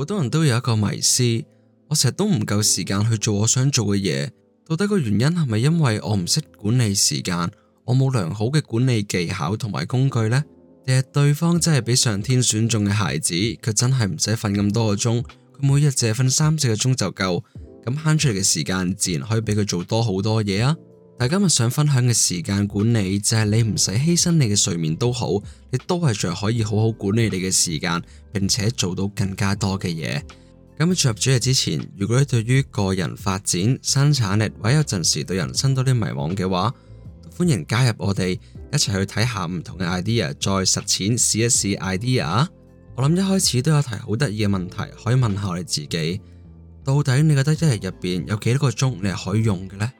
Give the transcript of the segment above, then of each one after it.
好多人都有一個迷思，我成日都唔夠時間去做我想做嘅嘢，到底個原因係咪因為我唔識管理時間，我冇良好嘅管理技巧同埋工具呢？定係對方真係俾上天選中嘅孩子，佢真係唔使瞓咁多個鐘，佢每日淨係瞓三四個鐘就夠，咁慳出嚟嘅時間自然可以俾佢做多好多嘢啊！大家今日想分享嘅時間管理，就係你唔使犧牲你嘅睡眠都好，你都係仲可以好好管理你嘅時間，並且做到更加多嘅嘢。咁進入主題之前，如果你對於個人發展、生產力，或者有陣時對人生多啲迷惘嘅話，歡迎加入我哋一齊去睇下唔同嘅 idea，再實踐試一試 idea。我諗一開始都有提好得意嘅問題，可以問下你自己，到底你覺得一日入面有幾多個鐘你係可以用嘅呢？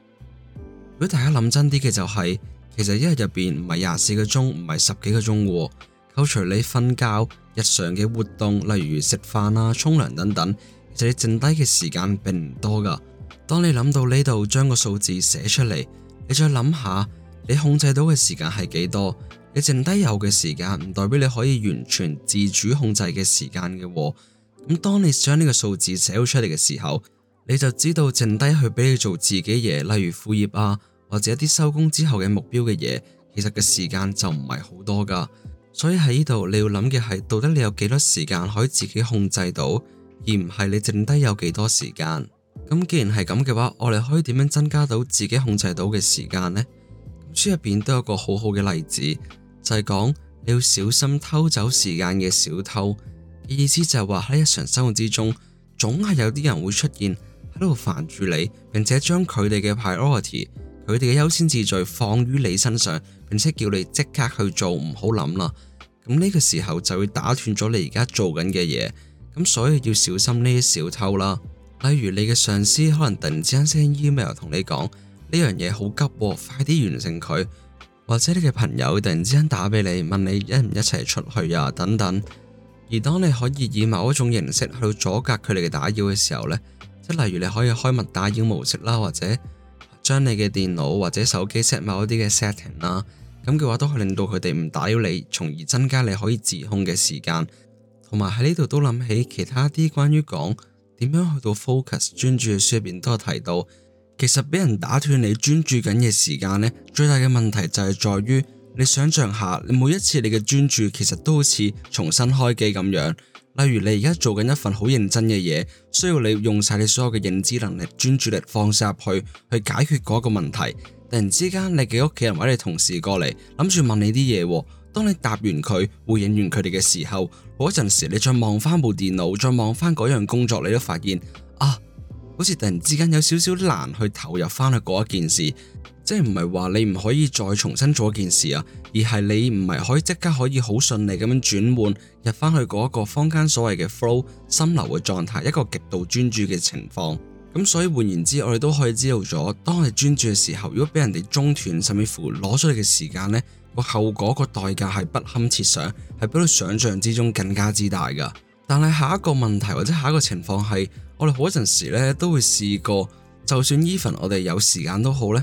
如果大家諗真啲嘅就係，其實一日入邊唔係廿四個鐘，唔係十幾個鐘，扣除你瞓覺、日常嘅活動，例如食飯啊、沖涼等等，其實你剩低嘅時間並唔多噶。當你諗到呢度，將個數字寫出嚟，你再諗下，你控制到嘅時間係幾多？你剩低有嘅時間唔代表你可以完全自主控制嘅時間嘅。咁當你將呢個數字寫出嚟嘅時候，你就知道剩低去俾你做自己嘢，例如副業啊。或者一啲收工之後嘅目標嘅嘢，其實嘅時間就唔係好多噶，所以喺呢度你要諗嘅係，到底你有幾多時間可以自己控制到，而唔係你剩低有幾多時間。咁既然係咁嘅話，我哋可以點樣增加到自己控制到嘅時間呢？書入邊都有個好好嘅例子，就係講你要小心偷走時間嘅小偷。意思就係話喺日常生活之中，總係有啲人會出現喺度煩住你，並且將佢哋嘅 priority。佢哋嘅優先次序放於你身上，並且叫你即刻去做，唔好諗啦。咁呢個時候就會打斷咗你而家做緊嘅嘢。咁所以要小心呢啲小偷啦。例如你嘅上司可能突然之間 send email 同你講呢樣嘢好急，啊，快啲完成佢。或者你嘅朋友突然之間打俾你，問你一唔一齊出去呀、啊、等等。而當你可以以某一種形式去阻隔佢哋嘅打擾嘅時候呢，即例如你可以開勿打擾模式啦，或者。將你嘅電腦或者手機 set 某一啲嘅 setting 啦，咁嘅話都可以令到佢哋唔打擾你，從而增加你可以自控嘅時間。同埋喺呢度都諗起其他啲關於講點樣去到 focus 專注嘅書入邊都有提到，其實俾人打斷你專注緊嘅時間呢，最大嘅問題就係在於你想象下，你每一次你嘅專注其實都好似重新開機咁樣。例如你而家做緊一份好認真嘅嘢，需要你用晒你所有嘅認知能力、專注力放晒入去，去解決嗰個問題。突然之間，你嘅屋企人或者同事過嚟，諗住問你啲嘢。當你答完佢、回應完佢哋嘅時候，嗰陣時你再望翻部電腦，再望翻嗰樣工作，你都發現啊，好似突然之間有少少難去投入翻去嗰一件事。即係唔係話你唔可以再重新做一件事啊？而係你唔係可以即刻可以好順利咁樣轉換入翻去嗰一個坊間所謂嘅 flow 心流嘅狀態，一個極度專注嘅情況。咁所以換言之，我哋都可以知道咗，當你專注嘅時候，如果俾人哋中斷，甚至乎攞出嚟嘅時間，呢個後果個代價係不堪設想，係比你想象之中更加之大噶。但係下一個問題或者下一個情況係，我哋好多時呢都會試過，就算 even 我哋有時間都好呢。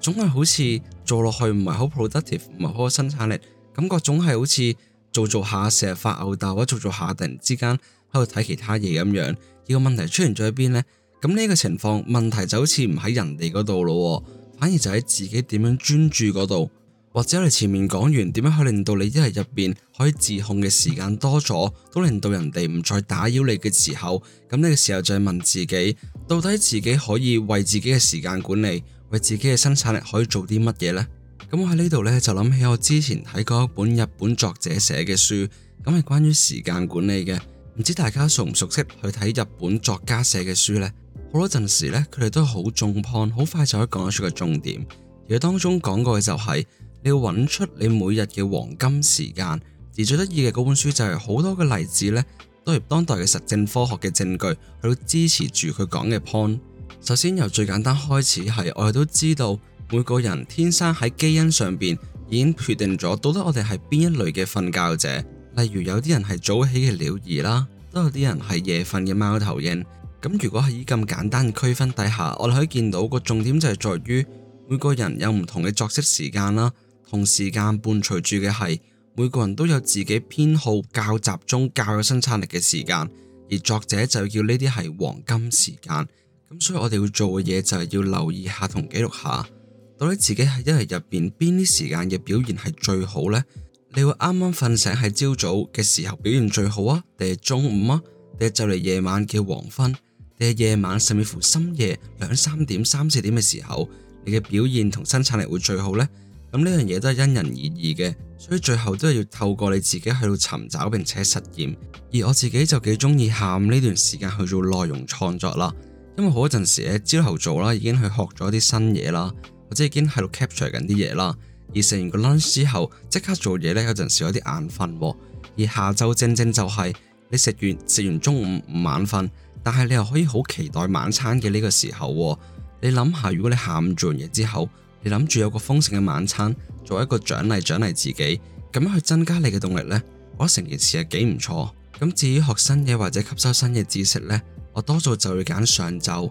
總係好似做落去唔係好 productive，唔係好有生產力，感覺總係好似做做下成日發吽逗，或者做做下突然之間喺度睇其他嘢咁樣。而個問題出現咗喺邊呢？咁呢個情況問題就好似唔喺人哋嗰度咯，反而就喺自己點樣專注嗰度，或者你前面講完點樣去令到你一日入邊可以自控嘅時間多咗，都令到人哋唔再打擾你嘅時候，咁呢個時候就係問自己，到底自己可以為自己嘅時間管理？為自己嘅生產力可以做啲乜嘢呢？咁我喺呢度呢，就諗起我之前睇過一本日本作者寫嘅書，咁係關於時間管理嘅。唔知大家熟唔熟悉，去睇日本作家寫嘅書呢？好多陣時呢，佢哋都好中 point，好快就可以講得出個重點。而佢當中講過嘅就係：你要揾出你每日嘅黃金時間。而最得意嘅嗰本書就係好多嘅例子呢，都係當代嘅實證科學嘅證據去支持住佢講嘅 point。首先由最簡單開始，係我哋都知道，每個人天生喺基因上邊已經決定咗，到底我哋係邊一類嘅瞓覺者。例如有啲人係早起嘅鳥兒啦，都有啲人係夜瞓嘅貓頭鷹。咁如果喺咁簡單區分底下，我哋可以見到個重點就係在於，每個人有唔同嘅作息時間啦，同時間伴隨住嘅係每個人都有自己偏好較集中、較有生產力嘅時間，而作者就叫呢啲係黃金時間。咁所以，我哋要做嘅嘢就係要留意下同記錄下，到底自己喺一日入邊邊啲時間嘅表現係最好呢？你會啱啱瞓醒喺朝早嘅時候表現最好啊？定係中午啊？定係就嚟夜晚嘅黃昏？定係夜晚甚至乎深夜兩三點、三四點嘅時候，你嘅表現同生產力會最好呢？咁呢樣嘢都係因人而異嘅，所以最後都係要透過你自己去尋找並且實驗。而我自己就幾中意下午呢段時間去做內容創作啦。因為嗰陣時咧，朝頭早啦，已經去學咗啲新嘢啦，或者已經喺度 capture 緊啲嘢啦。而食完個 lunch 之後，即刻做嘢呢，有陣時有啲眼瞓。而下晝正正就係、是、你食完食完中午晚瞓，但係你又可以好期待晚餐嘅呢個時候。你諗下，如果你下午做完嘢之後，你諗住有個豐盛嘅晚餐，做一個獎勵獎勵自己，咁樣去增加你嘅動力呢，我覺得成件事係幾唔錯。咁至於學新嘢或者吸收新嘅知識呢？我多數就會揀上晝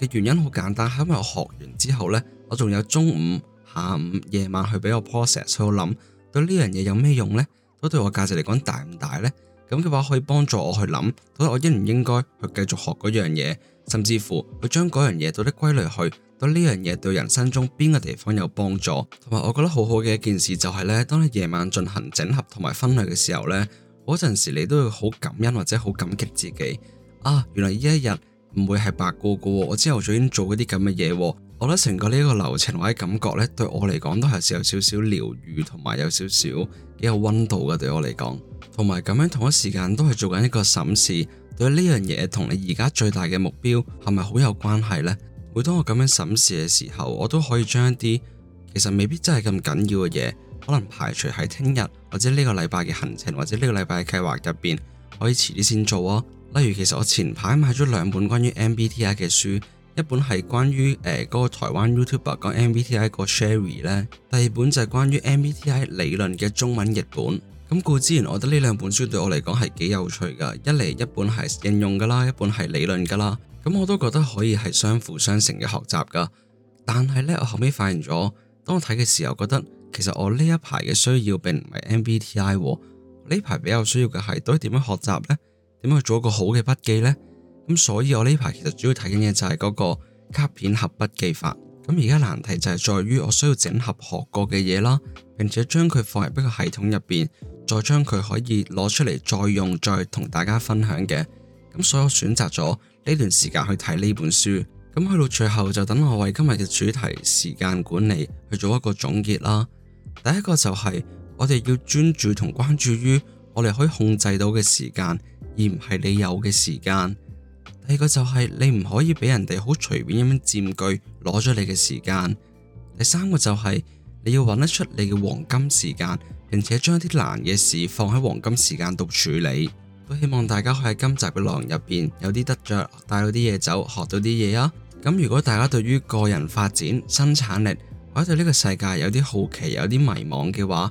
嘅原因好簡單，係因為我學完之後呢，我仲有中午、下午、夜晚去俾我 process 去諗，對呢樣嘢有咩用呢？都對我價值嚟講大唔大呢？咁嘅話可以幫助我去諗，到底我應唔應該去繼續學嗰樣嘢，甚至乎去將嗰樣嘢到底歸類去，對呢樣嘢對人生中邊個地方有幫助？同埋，我覺得好好嘅一件事就係呢：當你夜晚進行整合同埋分類嘅時候呢，嗰陣時你都會好感恩或者好感激自己。啊！原來呢一日唔會係白過噶。我之後早已經做嗰啲咁嘅嘢。我覺得成個呢個流程或者感覺呢，對我嚟講都係有少少療愈，同埋有，有少少幾有温度嘅。對我嚟講，同埋咁樣同一時間都係做緊一個審視，對呢樣嘢同你而家最大嘅目標係咪好有關係呢？每當我咁樣審視嘅時候，我都可以將一啲其實未必真係咁緊要嘅嘢，可能排除喺聽日或者呢個禮拜嘅行程或者呢個禮拜嘅計劃入邊，可以遲啲先做啊、哦。例如，其實我前排買咗兩本關於 MBTI 嘅書，一本係關於誒嗰、呃那個台灣 YouTuber 講 MBTI 個 Sherry 咧，第二本就係關於 MBTI 理論嘅中文譯本。咁故之然，我覺得呢兩本書對我嚟講係幾有趣噶，一嚟一本係應用噶啦，一本係理論噶啦。咁我都覺得可以係相輔相成嘅學習噶。但係呢，我後尾發現咗，當我睇嘅時候，覺得其實我呢一排嘅需要並唔係 MBTI，呢排比較需要嘅係到底點樣學習呢？點去做一個好嘅筆記呢？咁所以我呢排其實主要睇緊嘅就係嗰個卡片盒筆記法。咁而家難題就係在於我需要整合學過嘅嘢啦，並且將佢放入一個系統入邊，再將佢可以攞出嚟再用，再同大家分享嘅。咁所以我選擇咗呢段時間去睇呢本書。咁去到最後就等我為今日嘅主題時間管理去做一個總結啦。第一個就係我哋要專注同關注於。我哋可以控制到嘅時間，而唔係你有嘅時間。第二個就係你唔可以俾人哋好隨便咁樣佔據，攞咗你嘅時間。第三個就係你要揾得出你嘅黃金時間，並且將一啲難嘅事放喺黃金時間度處理。都希望大家可以喺今集嘅浪入邊有啲得着，帶到啲嘢走，學到啲嘢啊！咁如果大家對於個人發展、生產力或者對呢個世界有啲好奇、有啲迷茫嘅話，